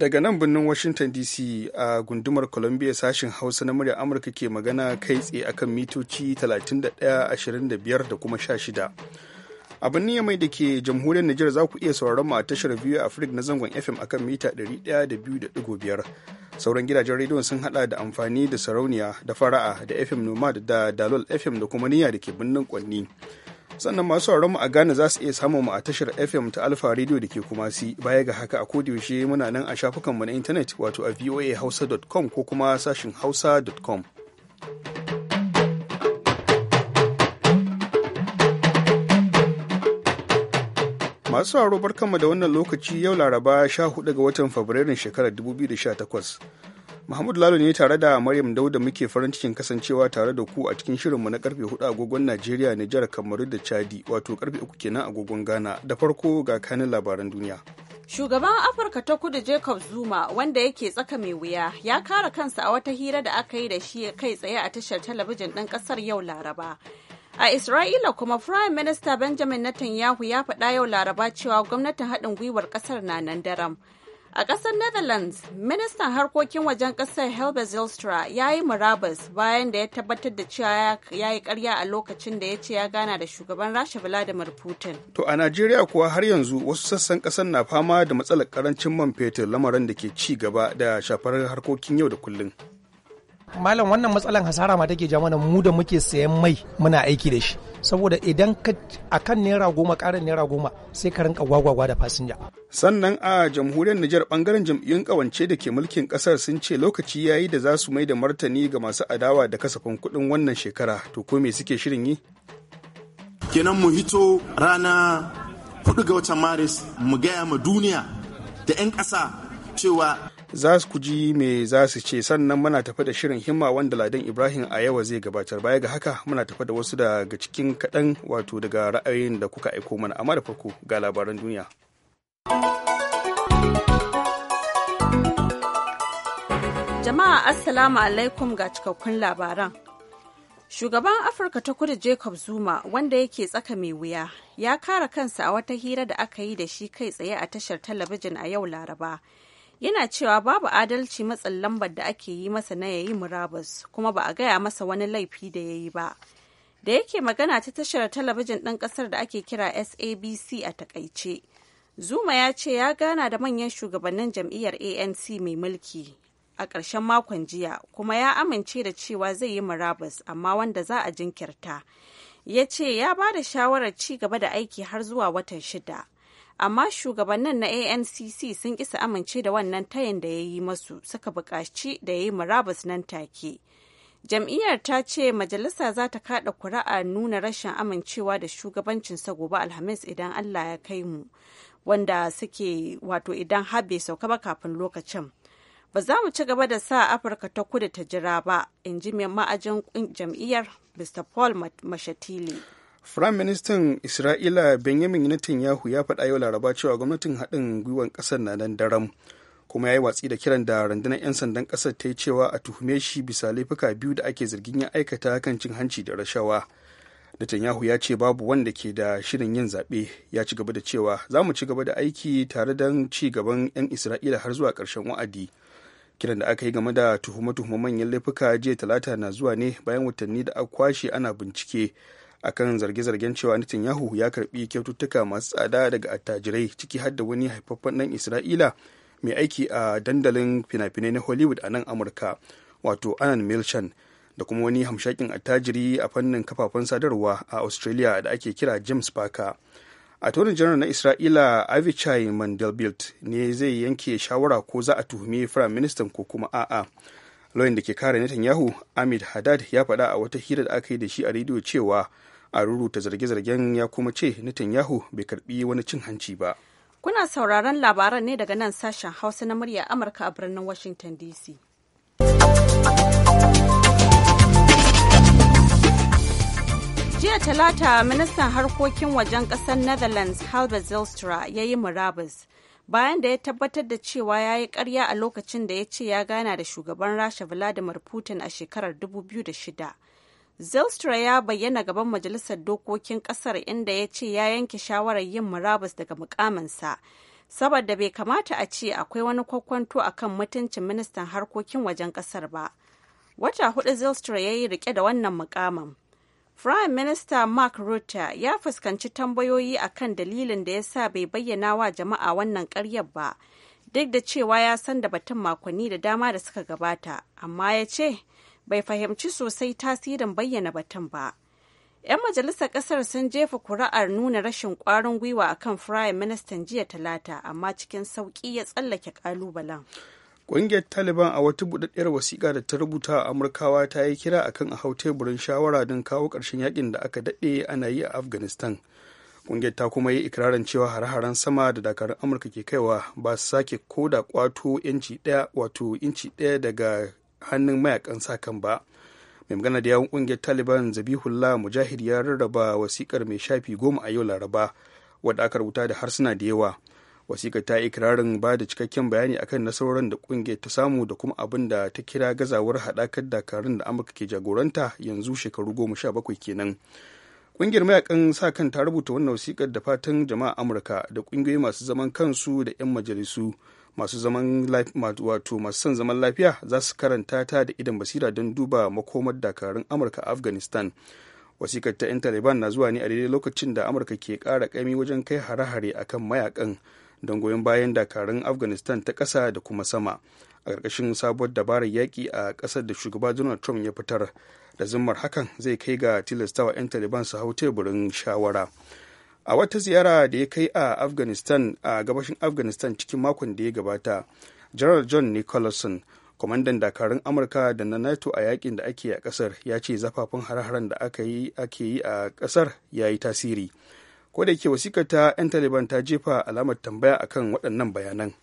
daga nan birnin washington dc a gundumar columbia sashen hausa na murya amurka ke magana kai tsaye akan mitoci 31.25 da kuma 16 a birnin mai da ke jamhuriyar niger za ku iya sauraron mu a tashar biyu a afirka na zangon FM akan mita 102.5 sauran gidajen rediyon sun hada da amfani da sarauniya da fara'a da FM noma da Dalol FM da kuma niyya da ke birnin Kwanni. sannan masu mu a Ghana za su iya samun mu a tashar FM ta alpha Radio da ke kuma si baya ga haka a yaushe muna nan a shafukan mu na intanet wato a voahausa.com ko kuma sashin hausa.com. Masu sauraro barkanmu da wannan lokaci yau Laraba 14 ga watan Fabrairun shekarar 2018. Mahmud Lalo ne tare da Maryam Dauda muke farin cikin kasancewa tare da ku a cikin shirinmu na karfe 4 agogon Najeriya, Nijar, Kamaru da Chadi, wato karfe 3 kenan agogon Ghana. Da farko ga kanin labaran duniya. Shugaban Afirka ta kudu Jacob Zuma wanda yake tsaka mai wuya ya kare kansa a wata hira da aka yi da shi kai tsaye a tashar talabijin ɗin ƙasar yau Laraba. A Isra'ila kuma Prime Minister Benjamin Netanyahu ya faɗa yau Laraba cewa gwamnatin haɗin gwiwar ƙasar na nan daram. A ƙasar Netherlands, ministan harkokin wajen ƙasar Helbe Zilstra ya yi murabus bayan da ya tabbatar da cewa ya yi ƙarya a lokacin da ya ce ya gana da shugaban Rasha Vladimir Putin. To a Najeriya kuwa har yanzu wasu sassan ƙasar na fama da matsalar ƙarancin man fetur lamarin da ke ci gaba da shafar harkokin yau da kullum. malam wannan matsalan hasara ma take ja mana mu da muke sayan mai muna aiki da shi saboda idan ka akan naira goma karin naira goma sai ka rinka gwagwagwa da fasinja sannan a jamhuriyar Nijar bangaren jam'iyyun kawance da ke mulkin kasar sun ce lokaci yayi da za su mai da martani ga masu adawa da kasafin kuɗin wannan shekara to ko me suke shirin yi kenan mu hito rana hudu ga watan maris mu gaya ma duniya da 'yan ƙasa cewa za su kuji me za su ce sannan muna tafi da shirin himma wanda ladan ibrahim a yawa zai gabatar baya ga haka muna tafi da wasu daga cikin kaɗan wato daga ra'ayoyin da kuka aiko mana amma da farko ga labaran duniya jama'a assalamu alaikum ga cikakkun labaran Shugaban Afirka ta kudu Jacob Zuma wanda yake tsaka mai wuya ya kara kansa a wata hira da aka yi da shi kai tsaye a tashar talabijin a yau Laraba yana cewa babu adalci matsin lambar da ake yi masa na yayi murabus kuma ba a gaya masa wani laifi da ya yi ba da yake magana ta tashar talabijin ɗan ƙasar da ake kira sabc a takaice zuma ya ce ya gana da manyan shugabannin jam'iyyar anc mai mulki a ƙarshen makon jiya kuma ya amince da cewa zai yi murabus amma wanda za a jinkirta ya ce ya ba da shawarar ci gaba da aiki har zuwa watan shida amma shugabannin na ancc sun kisa amince da wannan tayin da ya yi masu suka buƙaci da ya yi murabus nan take jam'iyyar ta ce majalisa za ta kada kuri'a nuna rashin amincewa da shugabancin sa gobe alhamis idan allah ya kai mu wanda suke wato idan habe sauka ba kafin lokacin ba za mu ci gaba da sa afirka ta kudu ta jira ba in ji ma'ajin jam'iyyar mr paul mashatili Firayim Ministan Isra'ila Benjamin Netanyahu ya faɗa yau Laraba cewa gwamnatin haɗin gwiwar ƙasar na nan daram, kuma ya yi watsi da kiran da rundunar 'yan sandan ƙasar ta yi cewa a tuhume shi bisa laifuka biyu da ake zargin ya aikata kan cin hanci da rashawa. Netanyahu ya ce babu wanda ke da shirin yin zaɓe ya ci gaba da cewa za mu ci gaba da aiki tare da ci gaban 'yan Isra'ila har zuwa ƙarshen wa'adi. Kiran da aka yi game da tuhume-tuhume manyan laifuka jiya talata na zuwa ne bayan watanni da aka kwashe ana bincike akan zarge-zargen cewa Netanyahu ya karbi kyaututtuka masu tsada daga attajirai ciki har da wani haifaffen dan Isra'ila mai aiki a dandalin fina-finai na Hollywood a nan Amurka wato Anan Milchan da kuma wani hamshakin attajiri a fannin kafafen sadarwa a Australia da ake kira James Parker. attorney janar na isra'ila avichai mandelbilt ne zai yanke shawara ko za a tuhumi firayim ministan ko kuma a'a lauyan da ke kare netanyahu ahmed haddad ya faɗa a wata hira da aka yi da shi a rediyo cewa a ruruta zarge-zargen ya kuma ce netanyahu bai karbi wani cin hanci ba kuna sauraron labaran ne daga nan sashen hausa na murya amurka a birnin washington dc jiya talata ministan harkokin wajen kasar netherlands halbert zelstra ya yi murabus bayan da ya tabbatar da cewa ya yi karya a lokacin da ya ce ya gana da shugaban rasha vladimir putin a shekarar 2006 Zelstra ya bayyana gaban Majalisar Dokokin Ƙasar inda ya ce ya yanke shawarar yin murabus daga mukaminsa. Saboda bai kamata a ce akwai wani kwakwanto a kan mutuncin ministan harkokin wajen ƙasar ba. Wata hudu Zelstra ya yi rike da wannan mukamin. Prime Minister Mark Rutte ya fuskanci tambayoyi a kan dalilin da ya sa bai bayyana wa jama'a wannan karyar ba, duk da cewa ya san da batun makonni da dama da suka gabata, amma ya ce bai fahimci sosai tasirin bayyana batun ba. 'Yan majalisar ƙasar sun jefa kuri'ar nuna rashin ƙwarin gwiwa a kan firayim ministan jiya talata amma cikin sauƙi ya tsallake ƙalubalen. Ƙungiyar Taliban a wata buɗaɗɗiyar wasiƙa da ta rubuta a Amurkawa ta yi kira akan a hau teburin shawara don kawo ƙarshen yaƙin da aka daɗe ana yi a Afghanistan. Ƙungiyar ta kuma yi ikirarin cewa hare-haren sama da dakarun Amurka ke kaiwa ba su sake ko da ƙwato inci ɗaya wato inci ɗaya daga hannun mayakan sakan ba mai magana da yawon kungiyar taliban zabihullah mujahid ya rarraba wasikar mai shafi goma a yau laraba wadda aka rubuta da harsuna da yawa wasikar ta ikirarin ba da cikakken bayani akan nasarorin da kungiyar ta samu da kuma abin da ta kira gazawar haɗakar dakarun da amurka ke jagoranta yanzu shekaru goma sha bakwai kenan kungiyar mayakan sa kan ta rubuta wannan wasikar da fatan jama'a amurka da kungiyoyi masu zaman kansu da 'yan majalisu masu zaman wato masu son zaman lafiya za su karanta ta da idan basira don duba makomar dakarun amurka a afghanistan wasikar ta 'yan taliban na zuwa ne a daidai lokacin da amurka ke kara kami wajen kai hare-hare akan mayakan don goyon bayan dakarun afghanistan ta ƙasa da kuma sama a ƙarƙashin sabuwar dabarar yaƙi a ƙasar da shugaba donald trump ya fitar da zimmar hakan zai kai ga tilastawa 'yan taliban su hau teburin shawara a wata ziyara da ya kai a afghanistan a gabashin afghanistan cikin makon da ya gabata general john nicholson kwamandan dakarun amurka da na nato a yakin da ake a kasar ya ce zafafin har-haren da aka ake yi a kasar ya yi tasiri ko da yake wasikar ta 'yan taliban ta jefa alamar tambaya akan waɗannan bayanan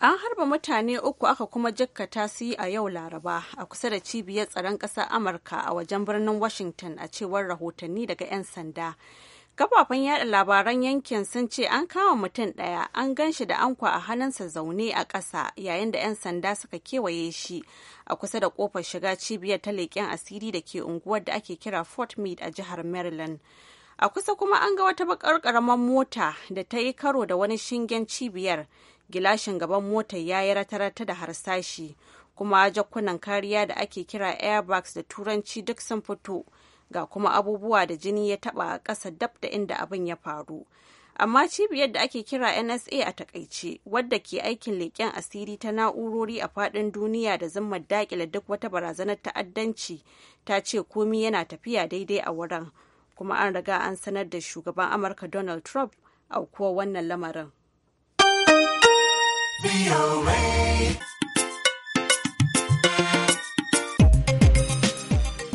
an harba mutane uku aka kuma jikkata su yi a yau laraba a kusa da cibiyar tsaron ƙasar amurka a wajen birnin washington a cewar rahotanni daga 'yan sanda kafafen yada labaran yankin sun ce an kama mutum ɗaya an gan shi da ankwa a hannunsa zaune a ƙasa yayin da 'yan sanda suka kewaye shi a kusa da kofar shiga cibiyar ta leƙen asiri da ke unguwar da ake kira fort meade a jihar maryland a kusa kuma an ga wata bakar karamar mota da ta yi karo da wani shingen cibiyar gilashin gaban motar ya yi rata da harsashi kuma jakkunan kariya da ake kira airbags da turanci duk sun fito ga kuma abubuwa da jini ya taba a ƙasa dab da inda abin ya faru amma cibiyar da ake kira nsa a takaice wadda ke aikin leƙen asiri ta na'urori a faɗin duniya da zimmar daƙile duk wata barazanar ta'addanci ta ce komi yana tafiya daidai a wurin kuma an riga an sanar da shugaban amurka donald trump aukuwa wannan lamarin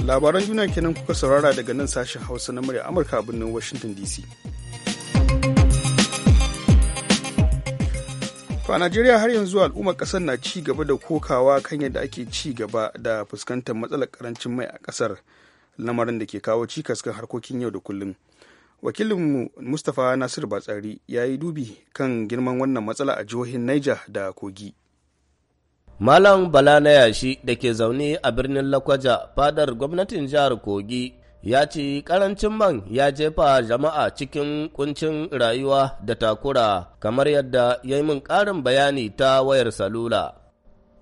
labaran juna kenan kuka saurara daga nan sashen hausa na murya amurka a birnin washington dc a Najeriya har yanzu al'ummar kasar na ci gaba da kokawa kan yadda ake ci gaba da fuskantar matsalar karancin mai a kasar lamarin da ke kawo cikas kan harkokin yau da kullum. Wakilinmu Mustapha nasiru Batsari ya yi dubi kan girman wannan matsala a jihohin Niger da Kogi. Malam Bala na yashi da ke zaune a birnin Lakwaja fadar gwamnatin jihar Kogi ya ce karancin man ya jefa jama'a cikin kuncin rayuwa da takura kamar yadda ya yi min ƙarin bayani ta wayar salula.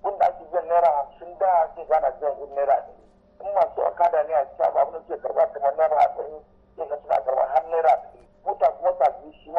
Wanda ake jan naira hamsin da ake gana jan yin naira ne. In masu akada ne a cikin abu abin da ke karɓa kamar naira arba'in ke suna karɓar har naira shi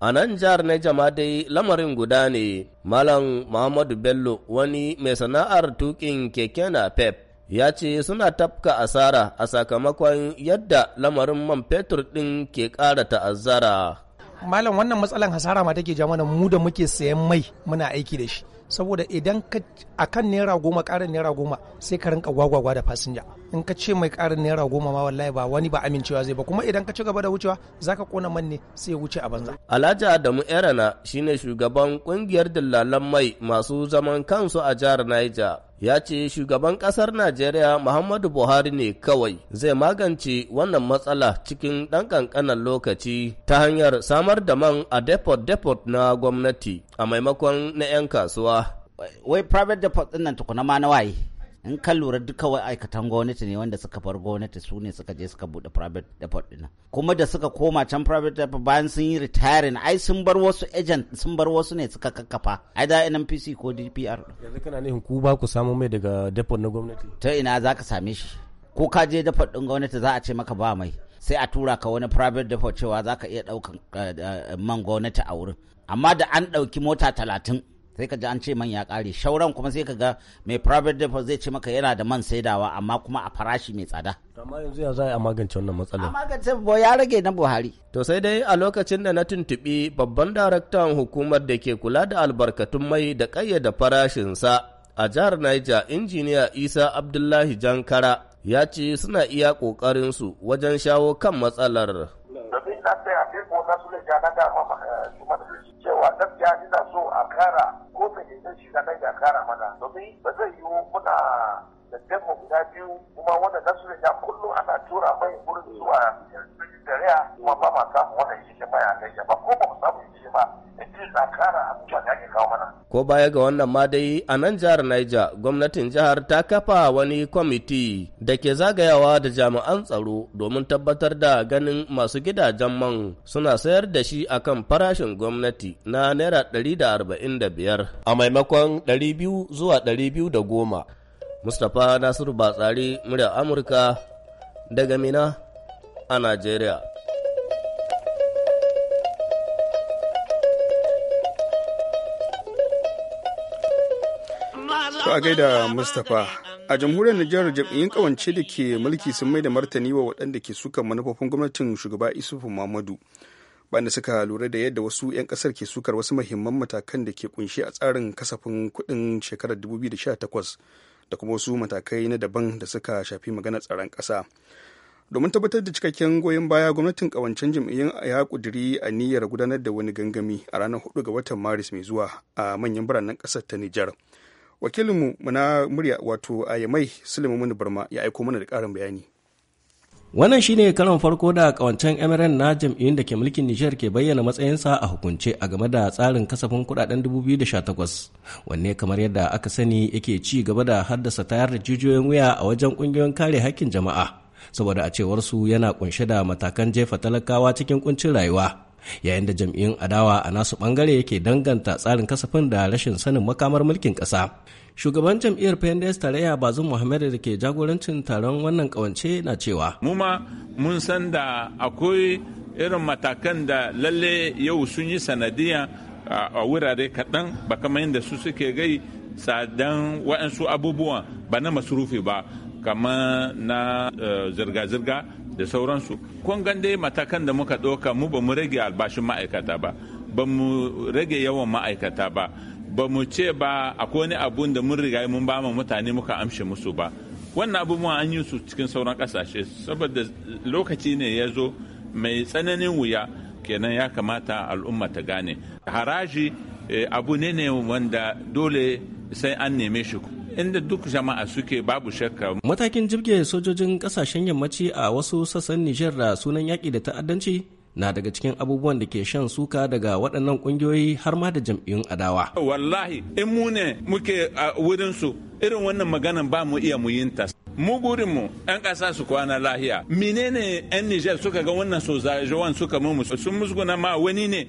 A nan jihar Neja ma dai lamarin guda ne, Malam Muhammadu Bello wani mai sana'ar tukin keke na pep ya ce suna tafka asara a sakamakon yadda lamarin man fetur ɗin ke ƙara ta'azzara. malam wannan matsalan hasara ma take jama'a mu da muke sayan mai muna aiki da shi saboda idan ka kan naira goma karin naira goma sai ka rinka gwagwagwa da fasinja in ka ce mai karin naira goma ma wallahi ba wani ba amincewa zai ba kuma idan ka ci gaba da wucewa zaka kona man ne sai ya wuce a banza Alhaji Adamu Erana shine shugaban kungiyar dillalan mai masu zaman kansu a jihar Niger ya ce shugaban ƙasar Najeriya Muhammadu Buhari ne kawai zai magance wannan matsala cikin ɗan ƙanƙanan lokaci ta hanyar samar da man a depot-depot na gwamnati a maimakon na 'yan kasuwa. Wai private depot ɗin nan tukuna ma na waye? in kan lura duk kawai aikatan gwamnati ne wanda suka bar gwamnati su ne suka je suka bude private depot dina. kuma da suka koma can private depot bayan sun yi retiring ai sun bar wasu agent sun bar wasu ne suka kakkafa ai da NNPC ko DPR yanzu kana ne ku ba ku samu mai daga depot na gwamnati ta ina zaka same shi ko ka je depot din gwamnati za a ce maka ba mai sai a tura ka wani private depot cewa zaka iya daukan eh, eh, man gwamnati a wurin amma da an dauki mota talatin sai ka ji an ce man ya ƙare shauran kuma sai ka ga mai private depot zai ce maka yana da man saidawa amma kuma a farashi mai tsada amma yanzu ya za a magance wannan matsalar a magance ya rage na buhari to sai dai a lokacin da na tuntuɓi babban daraktan hukumar da ke kula da albarkatun mai da ƙayyada farashinsa a jihar Niger injiniya Isa Abdullahi Jankara ya ce suna iya su wajen shawo kan matsalar. cewa gaskiya ina so a kara ko ta shi na kai a kara mana domin ba zai yiwu muna da mu guda biyu kuma wanda za su rika kullum ana tura mai wurin zuwa yanzu dariya kuma ba ma samu wannan ishe a kai ba ko ba mu samu ishe ba yanzu na kara abubuwan da ake kawo mana. Ko baya ga wannan ma dai a nan jihar Niger gwamnatin jihar ta kafa wani kwamiti da ke zagayawa da jami'an tsaro domin tabbatar da ganin masu gidajen man suna sayar da shi akan farashin gwamnati na naira 145 a maimakon 200 zuwa 210. Mustapha Nasiru Batsari murya Amurka daga Mina a Najeriya. To a gaida Mustapha a jamhuriyar Nijar jam'iyyun kawance da ke mulki sun mai da martani wa waɗanda ke suka manufofin gwamnatin shugaba Isufu mamadu banda suka lura da yadda wasu 'yan kasar ke sukar wasu mahimman matakan da ke kunshi a tsarin kasafin kuɗin shekarar 2018 da kuma wasu matakai na daban da suka shafi maganar tsaron ƙasa domin tabbatar da cikakken goyon baya gwamnatin kawancen jam'iyyun ya kudiri a niyyar gudanar da wani gangami a ranar hudu ga watan maris mai zuwa a manyan biranen ƙasar ta nijar wakilinmu na murya wato a yamai suleiman barma ya aiko mana da ƙarin bayani Wannan shine karon farko da kawancen MRN na jam'iyyun da ke mulkin Nijar ke bayyana matsayinsa a hukunce a game da tsarin kasafin kudaden 2018 wanne kamar yadda aka sani yake ci gaba da haddasa tayar da jijiyoyin wuya a wajen kungiyoyin kare hakkin jama'a saboda a cewar su yana kunshe da matakan jefa talakawa cikin kuncin rayuwa yayin da jam'iyyun adawa a nasu bangare yake danganta tsarin kasafin da rashin sanin makamar mulkin kasa. shugaban jam'iyyar pendes tarayya bazu muhammad da ke jagorancin taron wannan kawance na cewa mu mun san da akwai irin matakan da lalle yau sun yi sanadiyya a wurare kaɗan ba kamar yadda su suke gai sadan waɗansu abubuwan ba na masurufi ba kama na e, zirga-zirga da sauransu kun gan dai matakan da muka ɗauka mu ba mu rage albashin ma'aikata ba ba mu rage yawan ma'aikata ba ba mu ce ba akwai wani abun da mun riga mun ba mutane muka amshe musu ba wannan abubuwa an yi su cikin sauran kasashe saboda lokaci ne ya zo mai tsananin wuya kenan ya kamata al'umma ta gane haraji eh, abu ne ne wanda dole sai an neme shi inda duk jama'a suke babu shakka matakin jirge sojojin kasashen yammaci a wasu sassan nijar da sunan yaƙi da ta'addanci na daga cikin abubuwan da ke shan suka daga waɗannan ƙungiyoyi har ma da jam'iyyun adawa. Wallahi in mu ne muke a wurin su irin wannan maganan ba mu iya mu yin ta. Mu burinmu 'yan ƙasa su kwana lahiya. Menene 'yan Nijar suka ga wannan a suka mu sun musguna ma wani ne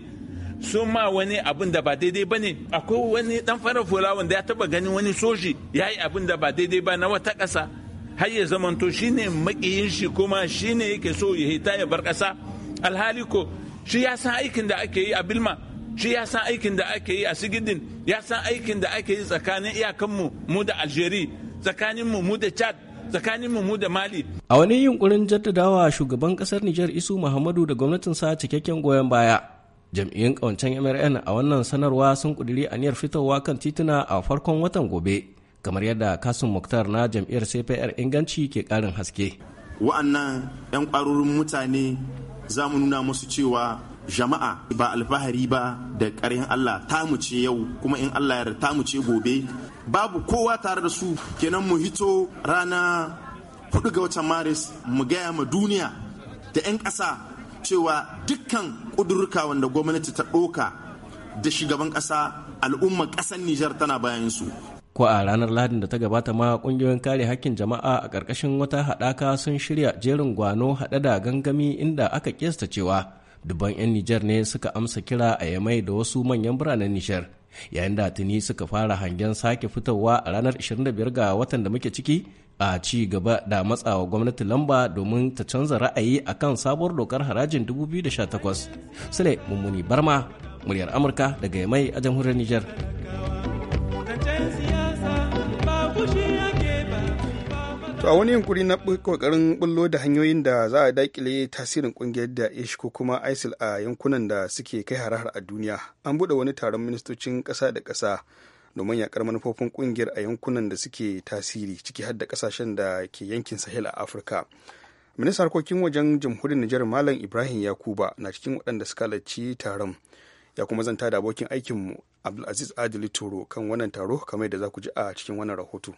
sun ma wani abin da ba daidai ba ne akwai wani dan fara fula wanda ya taba ganin wani soji ya yi abin da ba daidai ba na wata ƙasa har ya zamanto ne makiyin shi kuma shi ne yake so ya hita ya bar ƙasa alhali ko shi ya san aikin da ake yi a bilma shi ya san aikin da ake yi a sigidin ya san aikin da ake yi tsakanin iyakanmu mu da algeri tsakaninmu mu da chad tsakaninmu mu da mali a wani yunkurin jaddadawa shugaban kasar nijar isu muhammadu da gwamnatin sa cikakken goyon baya jam'iyyun kawancen mrn a wannan sanarwa sun kuduri aniyar fitowa kan tituna a farkon watan gobe kamar yadda kasun muktar na jam'iyyar cpr inganci ke karin haske wa'annan 'yan kwarorin mutane za mu nuna musu cewa jama'a ba alfahari ba da ƙarin Allah ta ce yau kuma in Allah yarda mu ce gobe babu kowa tare da su kenan mu hito rana hudu ga watan maris mu gaya ma duniya da 'yan ƙasa cewa dukkan ƙudurruka wanda gwamnati ta ɗoka da shugaban ƙasa al'ummar ƙasar Nijar tana bayan su ko a ranar lahadin da ta gabata ma kungiyoyin kare hakkin jama'a a ƙarƙashin wata haɗaka sun shirya jerin gwano haɗe da gangami inda aka kesta cewa dubban 'yan nijar ne suka amsa kira a yamai da wasu manyan biranen nijar yayin da tuni suka fara hangen sake fitowa a ranar 25 ga watan da muke ciki a ci gaba da matsawa gwamnati lamba domin ta canza ra'ayi akan sabuwar dokar harajin 2018 sule mummuni barma muryar amurka daga yamai a jamhuriyar nijar To a wani yunkuri na kokarin bullo da hanyoyin da za a dakile tasirin kungiyar da ish ko kuma ISIL a yankunan da suke kai harahar a duniya. An buɗe wani taron ministocin ƙasa da ƙasa domin yakar manufofin kungiyar a yankunan da suke tasiri ciki har da ƙasashen da ke yankin Sahel a Afirka. Ministan harkokin wajen jamhuriyar Nijar Malam Ibrahim Yakuba na cikin waɗanda suka halarci taron. Ya kuma zanta da abokin aikinmu Abdulaziz Adili Turo kan wannan taro kamar da za ku ji a cikin wannan rahoto.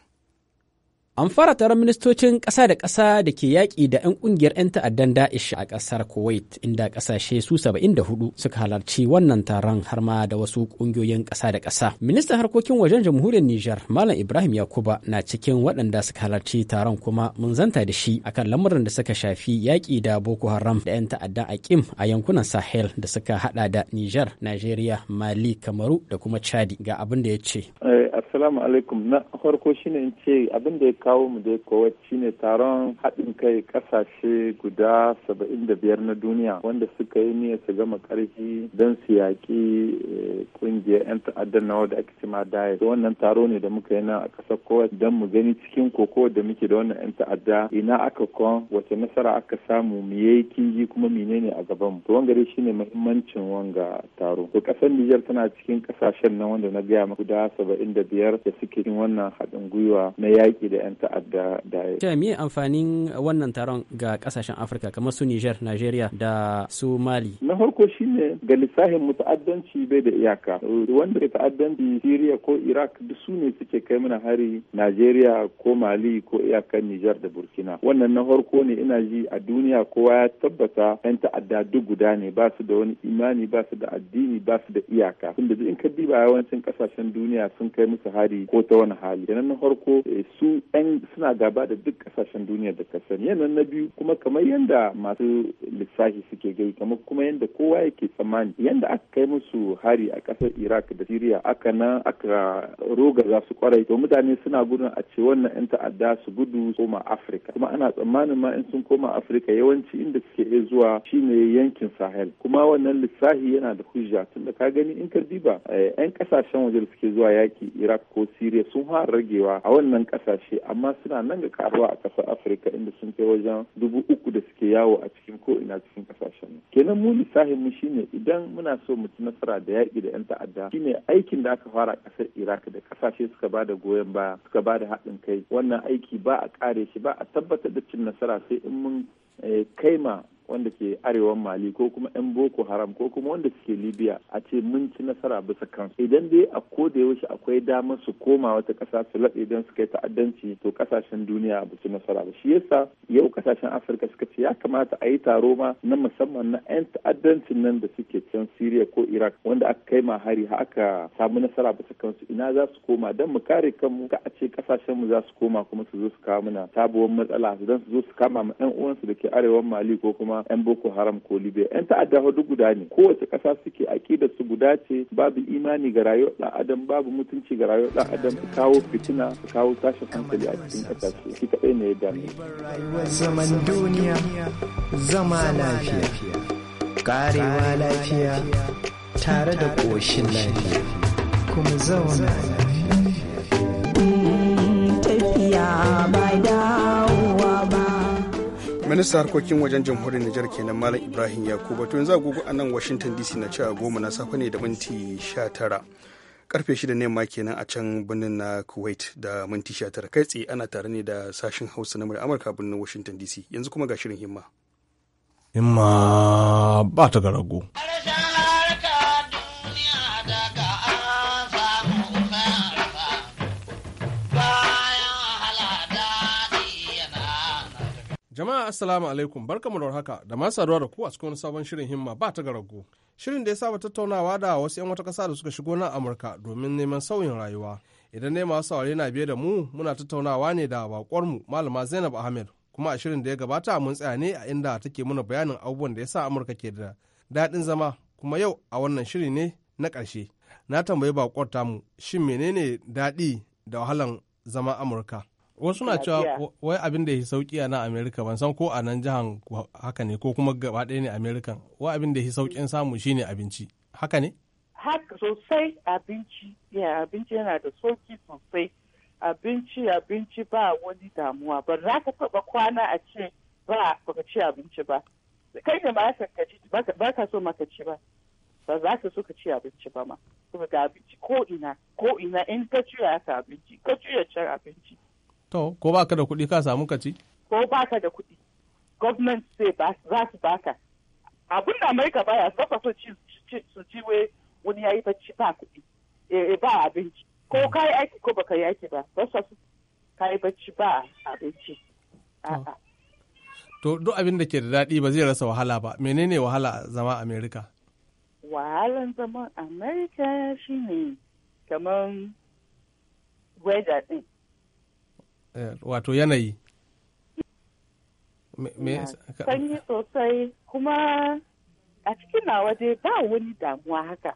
An fara taron ministocin ƙasa da ƙasa da ke yaƙi da 'yan ƙungiyar 'yan ta'addan Da'ish a ƙasar Kuwait, inda ƙasashe su 74 suka halarci wannan taron har ma da wasu ƙungiyoyin ƙasa da ƙasa. Ministan harkokin wajen jamhuriyar Nijar, Malam Ibrahim Yakuba, na cikin waɗanda suka halarci taron kuma mun zanta da shi akan lamuran da suka shafi yaƙi da Boko Haram da 'yan ta'addan kim a yankunan Sahel da suka haɗa da Nijar, Najeriya, Mali, Kamaru da kuma Chadi ga abin da ya ce. Eh, assalamu alaikum na farko shine in ce abin kawo mu dai kowa shine taron haɗin kai ƙasashe guda saba'in da biyar na duniya wanda suka yi niyyar su gama ƙarfi don su yaƙi eh, ƙungiyar 'yan ta'addar nawa da ake cima daya wannan taro ne da muka yi nan a ƙasar kowa don mu gani cikin koko da muke da wannan 'yan ta'adda ina aka kwan wace nasara aka samu mu yi kingi kuma menene a gaban mu to wanga dai shine muhimmancin wanga taro to ƙasar Nijar tana cikin ƙasashen nan wanda na gaya ma. guda saba'in da biyar da suke cikin wannan haɗin gwiwa na yaƙi da 'yan ta'adda da ya me amfanin wannan taron ga kasashen afirka kamar su niger nigeria da su mali na farko shine ga lissahin mu ta'addanci bai da iyaka wanda ta'addanci syria ko iraq duk su ne suke kai mana hari nigeria ko mali ko iyakar niger da burkina wannan na farko ne ina ji a duniya kowa ya tabbata 'yan ta'adda duk guda ne ba su da wani imani ba su da addini ba su da iyaka tunda in ka diba yawancin kasashen duniya sun kai musu hari ko ta wani hali kenan na farko eh, su 'yan 'yan suna gaba da duk kasashen duniya da ka sani na biyu kuma kamar yadda masu lissafi suke gai kamar kuma yadda kowa yake tsammani yadda aka kai musu hari a kasar iraq da syria aka nan aka roga za su kwarai to mutane suna gudun a ce wannan 'yan ta'adda su gudu koma afirka kuma ana tsammanin ma in sun koma afirka yawanci inda suke iya zuwa shine yankin sahel kuma wannan lissafi yana da hujja tunda ka gani in ka diba eh, 'yan kasashen waje da suke zuwa yaki iraq ko syria sun fara ragewa a wannan kasashe amma suna nan ga karuwa a ƙasar afirka inda sun kai wajen dubu uku da suke yawo a cikin ko ina cikin ƙasashen kenan mu lissafin mu shine idan muna so mu ci nasara da yaƙi da 'yan ta'adda shine aikin da aka fara ƙasar iraq da kasashe suka ba da goyon baya suka ba da haɗin kai wannan aiki ba a ƙare shi ba a tabbatar da cin nasara sai in mun eh, kaima. wanda ke arewan mali ko kuma 'yan boko haram ko kuma wanda suke libya a ce mun ci nasara bisa kansu idan dai a ko da yaushe akwai damar su koma wata kasa su laɗe don su kai ta'addanci to kasashen duniya ba su nasara ba shi yasa yau kasashen afirka suka ce ya kamata a yi taro ma na musamman na 'yan ta'addancin nan da suke can syria ko iraq wanda aka kai ma hari ha samu nasara bisa kansu ina za su koma don mu kare kanmu ka a ce kasashen mu za su koma kuma su zo su kawo mana sabuwar matsala don su zo su kama ma 'yan uwansu da ke arewan mali ko kuma 'yan boko haram ko libya 'yan ta'adda hudu guda ne kowace ƙasa suke aƙidar su guda ce babu imani ga rayuwar ɗan adam babu mutunci ga rayuwar ɗan adam su kawo fitina su kawo tashin hankali a cikin ƙasashe shi kaɗai ne ya dame zaman duniya zama lafiya karewa lafiya tare da ƙoshin lafiya kuma zauna lafiya mm, tafiya ba da minista harkokin wajen jamhuriyar nijar kenan malam ibrahim yakubu to yanzu agogo a nan washington dc na cewa goma na safe ne da minti 19 karfe 6 ne ma kenan a can birnin na kuwait da minti 19 kai tsaye ana tare ne da sashen hausa na murya amurka birnin washington dc yanzu kuma ga shirin himma himma ba ta garago Jama'a Assalamu alaikum barkamu da warhaka da ma saduwa da ku a cikin sabon shirin himma ba ta garago. Shirin da ya saba tattaunawa da wasu 'yan wata ƙasa da suka shigo na Amurka domin neman sauyin rayuwa. Idan ne masu saurari na biye da mu muna tattaunawa ne da mu Malama Zainab Ahmed kuma a shirin da ya gabata mun tsaya ne a inda take muna bayanin abubuwan da ya sa Amurka ke da daɗin zama kuma yau a wannan shiri ne na ƙarshe. Na tambayi baƙwar tamu shin menene daɗi da wahalan zama Amurka? wasu na cewa wai abin da ya sauki a nan amerika ban san ko a nan jihan haka ne ko kuma gaba ɗaya ne amerikan wai abin da ya saukin samu shine abinci haka ne haka sosai abinci ya abinci yana da sauki sosai abinci abinci ba wani damuwa ba za ka taba kwana a ce ba ka ci abinci ba kai da ba ka so maka ci ba ba za ka so ka ci abinci ba ma ga abinci ko ina ko ina in ka ci ya ka abinci ka ci ya abinci To, ko ba ka da kuɗi ka samu ka ci? Ko ba ka da kuɗi. Gwamnati zai za su baka. Abin da Amurka baya saka so su ji wani ya yi bacci ba kuɗi, eh, ba abinci. Ko mm. ka yi aiki ko baka yi aiki ba, ba su ka yi bacci ba abinci. Oh. To, duk abin da ke da daɗi ba zai rasa wahala ba. Menene wahala zama Amerika? Wahalan zaman Amerika shine kamar weather ɗin. Eh, wato yanayi me sanyi sosai kuma a cikin na waje ba wani damuwa haka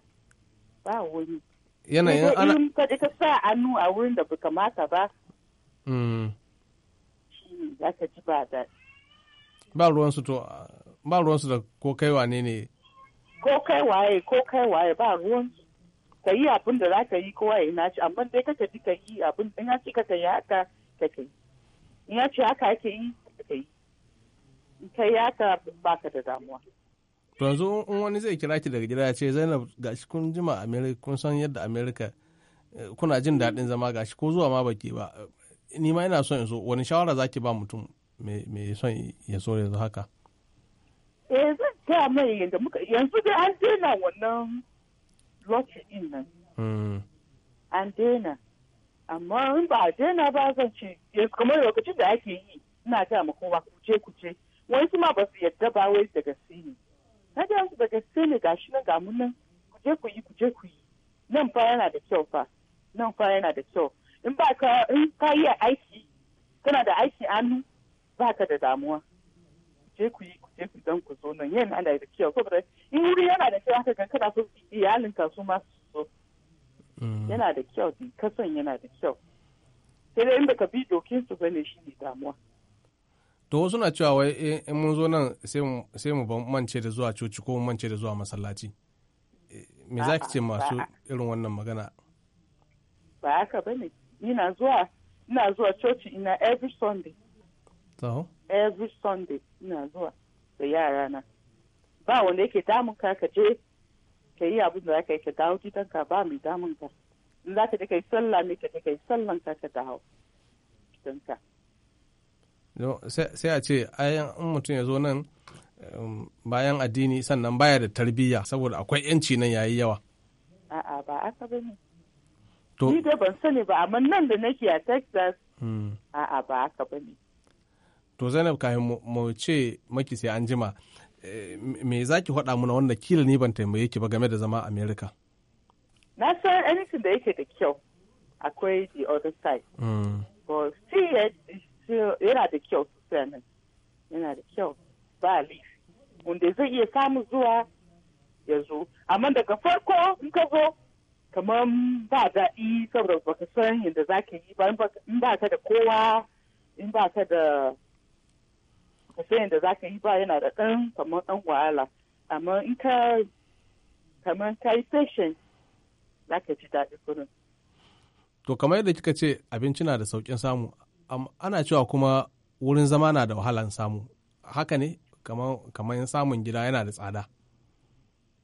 ba wani yanayin ana in ka ka sa nu a wurin da baka mata ba mm. shi za ka ji ba da ba ruwansu to ba ruwansu da ko kai wane ne ko kai waye ko kai waye ba ruwan ka yi abin da za ka yi kowa ya naci amma dai kaka ji ka yi abin da ya ci ka yi haka take in ya ce haka ake yi take yi in kai haka baka da damuwa to yanzu in wani zai kira ki daga gida ya ce Zainab ga shi kun jima America kun san yadda America eh, kuna jin daɗin zama ga shi ko zuwa ma baki ba ni ma ina son yanzu wani shawara zaki ba mutum me son ya so yanzu haka eh zan ta mai yanda muka yanzu dai an daina wannan lokaci din nan hmm. an daina amma in ba a daina ba zan ce kamar lokacin da ake yi ina ga ma kowa kuce kuce wai kuma ba su yadda ba wai da gaske ne na ga su da gaske ne gashi nan ga mun nan kuje ku yi kuje ku yi nan fa yana da kyau fa nan fa yana da kyau in ba ka in ka yi aiki kana da aiki hannu ba ka da damuwa kuje ku yi je ku dan ku zo nan yana da kyau saboda in wuri yana da kyau haka kan kana so iyalinka su ma su so Mm. yana da kyau kasan yana da kyau sai dai inda ka bi dokin su bane shi ne damuwa to wasu na cewa wai eh, in mun zo nan sai mu mance da zuwa coci ko mu mance da zuwa masallaci eh, me za ki ce masu irin wannan magana ba haka ne ina zuwa ina zuwa coci ina every sunday so. every sunday ina zuwa da yara na ba wanda yake damun ka ka je ka yi abin da za ka yi ka dawo gidanka ba mai damun ka in za ka kai yi sallah ne ka je yi sallan ka ka dawo gidanka. sai a ce ayan in mutum ya zo nan um, bayan addini sannan baya da tarbiyya saboda akwai yanci nan yayi yawa. A'a ba aka bane. To ni dai ban sani ba amma nan da nake a Texas. Hmm. A'a ba aka bane. To Zainab kafin mu ce maki sai an jima. Eh, me za ki faɗa muna wanda kila ni ban taimaye ki ba game da zama Amerika? Na san anything da yake da kyau akwai the other side. Mm. But still yana da kyau sosai yana da kyau ba wanda zai iya samu zuwa ya zo. Amma daga farko in ka zo kamar ba daɗi saboda baka san yadda za ka yi ba in ba ta da kowa in ba ta da ka yadda za ka yi ba yana da ɗan kamar ɗan wahala amma in ka kamar ka yi za ka ji daɗi kurin. To kamar yadda kika ce abinci na da sauƙin samu ana cewa kuma wurin zama na da wahalan samu haka ne kamar samun gida yana da tsada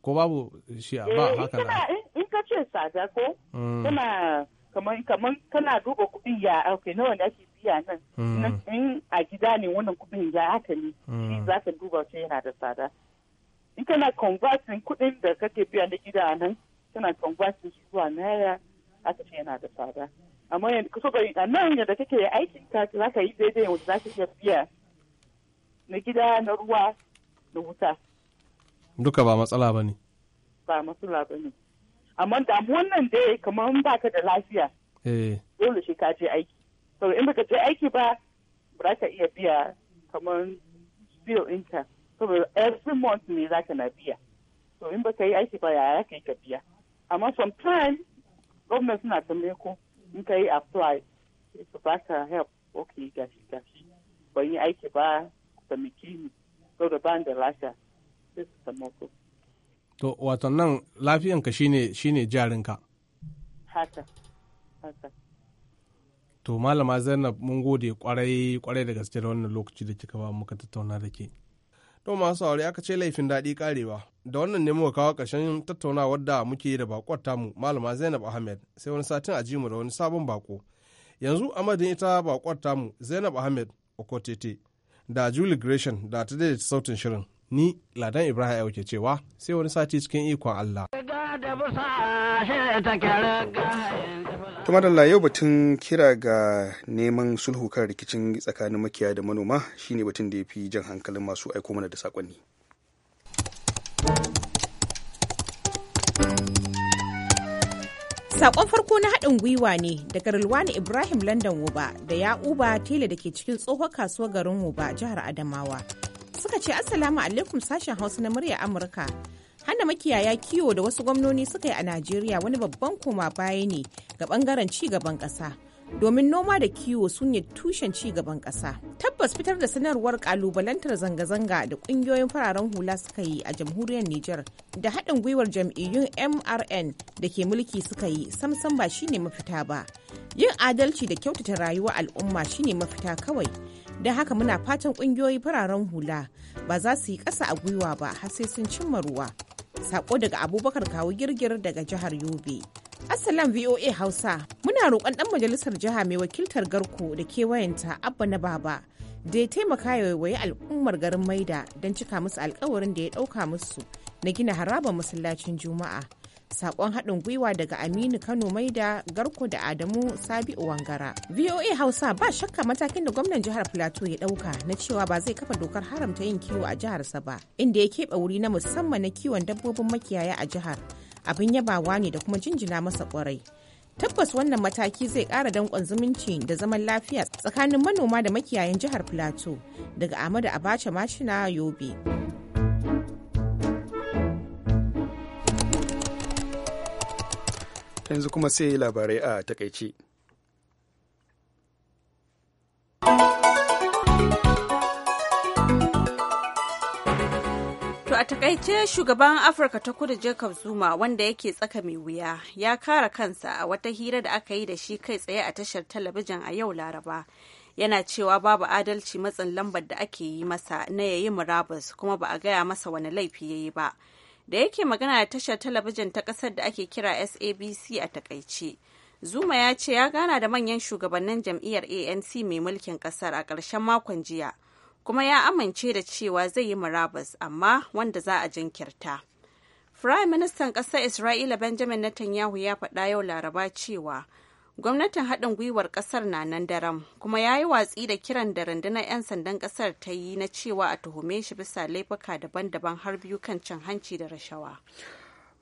ko babu shi a ba eh, haka na in ka ce tsada ko mm. kana kamar kana duba kuɗin ya ok nawa ne ake biya mm. nan in a gida ne wannan kudin ya haka ne shi mm. za ka duba shi yana da tsada in kana converting kudin da kake biya na gida nan kana converting shi zuwa naira aka ce yana da tsada amma yanzu so a nan yadda kake aikin ka za ka yi daidai wanda za ka iya biya na gida na ruwa na wuta duka ba matsala ba ne ba matsala ba ne amma damuwan wannan dai kamar ba ka da lafiya eh. dole shi ka je aiki so in baka je aiki ba ba ka iya biya kamar bill ɗinka so every month ne za ka na biya so in baka yi aiki ba yaya ka yi ka biya amma time government suna tambaye ko in ka yi apply su ba ka help ok gashi gashi ban yi aiki ba ku taimaki ni da ban da lafiya sai su taimako. to wato nan lafiyanka shine shine jarinka. haka haka. To malama Zainab mun gode kwarai kwarai da gaske da wannan lokaci da kika ba mu ka tattauna da ke. To masu aure aka ce laifin daɗi karewa. Da wannan ne muka kawo ƙarshen tattauna wadda muke da bakwar tamu malama Zainab Ahmed sai wani satin a mu da wani sabon bako. Yanzu amadin ita bakwar tamu Zainab Ahmed Okotete da Julie Gresham da ta daidaita sautin shirin. Ni Ladan Ibrahim ke cewa sai wani sati cikin ikon Allah. to madalla yau batun kira ga neman sulhu kan rikicin tsakanin makiya da manoma shine batun da ya fi jan hankalin masu aiko mana da sakonni saƙon farko na haɗin gwiwa ne daga Rilwani Ibrahim London Wuba da ya Uba tela da ke cikin tsohon kasuwar garin Wuba jihar Adamawa. Suka ce Assalamu alaikum sashen Hausa na murya Amurka. hana makiyaya kiwo da wasu gwamnoni suka yi a najeriya wani babban koma baya ne ga bangaren ci gaban ƙasa domin noma da kiwo sun yi tushen ci gaban ƙasa tabbas fitar da sanarwar kalubalantar zanga-zanga da ƙungiyoyin fararen hula suka yi a jamhuriyar Nijar, da haɗin gwiwar jam'iyyun mrn da ke mulki suka yi samsam ba shine mafita ba yin adalci da kyautata rayuwar al'umma shine mafita kawai don haka muna fatan ƙungiyoyin fararen hula ba za su yi ƙasa a gwiwa ba har sai sun cimma ruwa Sako daga Abubakar kawo Girgir daga jihar Yobe. Assalam VOA Hausa, muna roƙon ɗan majalisar jiha mai wakiltar Garko da kewayenta Abba na Baba da ya taimaka ya waiwayi al'ummar garin Maida don cika musu alkawarin da ya ɗauka musu na gina harabar masallacin Juma'a. Sakon haɗin gwiwa daga Aminu Kano Maida Garko da Adamu Sabi'u Wangara. VOA Hausa ba shakka matakin da gwamnan jihar Plateau ya ɗauka na cewa ba zai kafa dokar haramta yin kiwo a jiharsa ba, inda ya keɓe wuri na musamman na kiwon dabbobin makiyaya a jihar. Abin yabawa ne da kuma jinjina masa kwarai. tabbas wannan mataki zai ƙara danƙon zumunci da zaman lafiya tsakanin manoma da makiyayan jihar plateau daga amadu abacha mashina yobe yanzu kuma sai labarai a takaice. to a takaice shugaban afirka ta kudu jacob zuma wanda yake tsaka mai wuya ya kara kansa a wata hira da aka yi da shi kai tsaye a tashar talabijin a yau laraba yana cewa babu adalci matsin lambar da ake yi masa na yayi murabus kuma ba a gaya masa wani laifi ya yi ba da yake magana da tashar talabijin ta kasar da ake kira sabc a takaice zuma ya ce ya gana da manyan shugabannin jam'iyyar anc mai mulkin kasar a ƙarshen makon jiya kuma ya amince da cewa zai yi murabus amma wanda za a jinkirta firayim ministan ƙasar isra'ila benjamin netanyahu ya faɗa yau laraba cewa gwamnatin haɗin gwiwar ƙasar na nan daren kuma ya yi watsi da kiran da rundunar 'yan sandan ƙasar ta yi na cewa a tuhume shi bisa laifuka daban-daban har biyu kan cin hanci da rashawa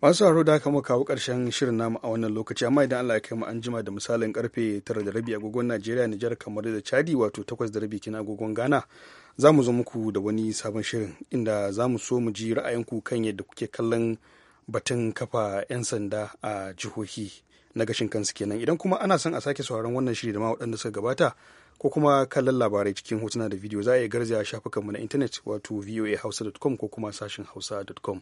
masu haro da aka kawo ƙarshen shirin namu a wannan lokaci amma idan Allah ya kai mu an jima da misalin karfe tara da rabi agogon Najeriya Nijar kamar da Chadi wato takwas da rabi kina agogon Ghana za mu zo muku da wani sabon shirin inda za mu so mu ji ra'ayinku kan yadda kuke kallon batun kafa 'yan sanda a jihohi na gashin kansu kenan idan kuma ana son a sake sauraron wannan shiri da ma waɗanda suka gabata ko kuma kallon labarai cikin hotuna da bidiyo za a iya garzaya shafukanmu na intanet wato voahausa.com ko kuma sashin hausa.com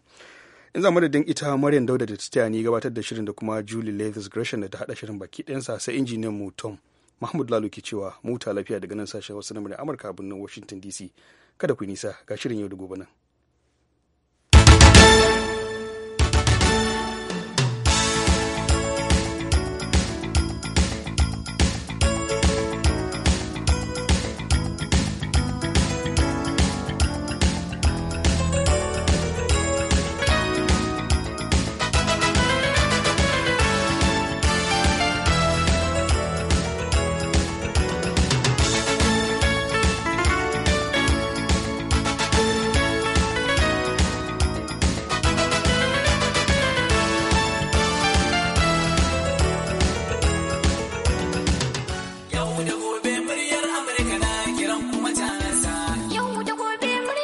in za madadin ita maryam dauda da ta ni gabatar da shirin da kuma julie leathers gresham da ta haɗa shirin baki ɗayansa sai injiniyan mu tom mahmud lalu ke cewa muta lafiya daga nan sashen wasu na amurka birnin washington dc kada ku nisa ga shirin yau da gobe nan.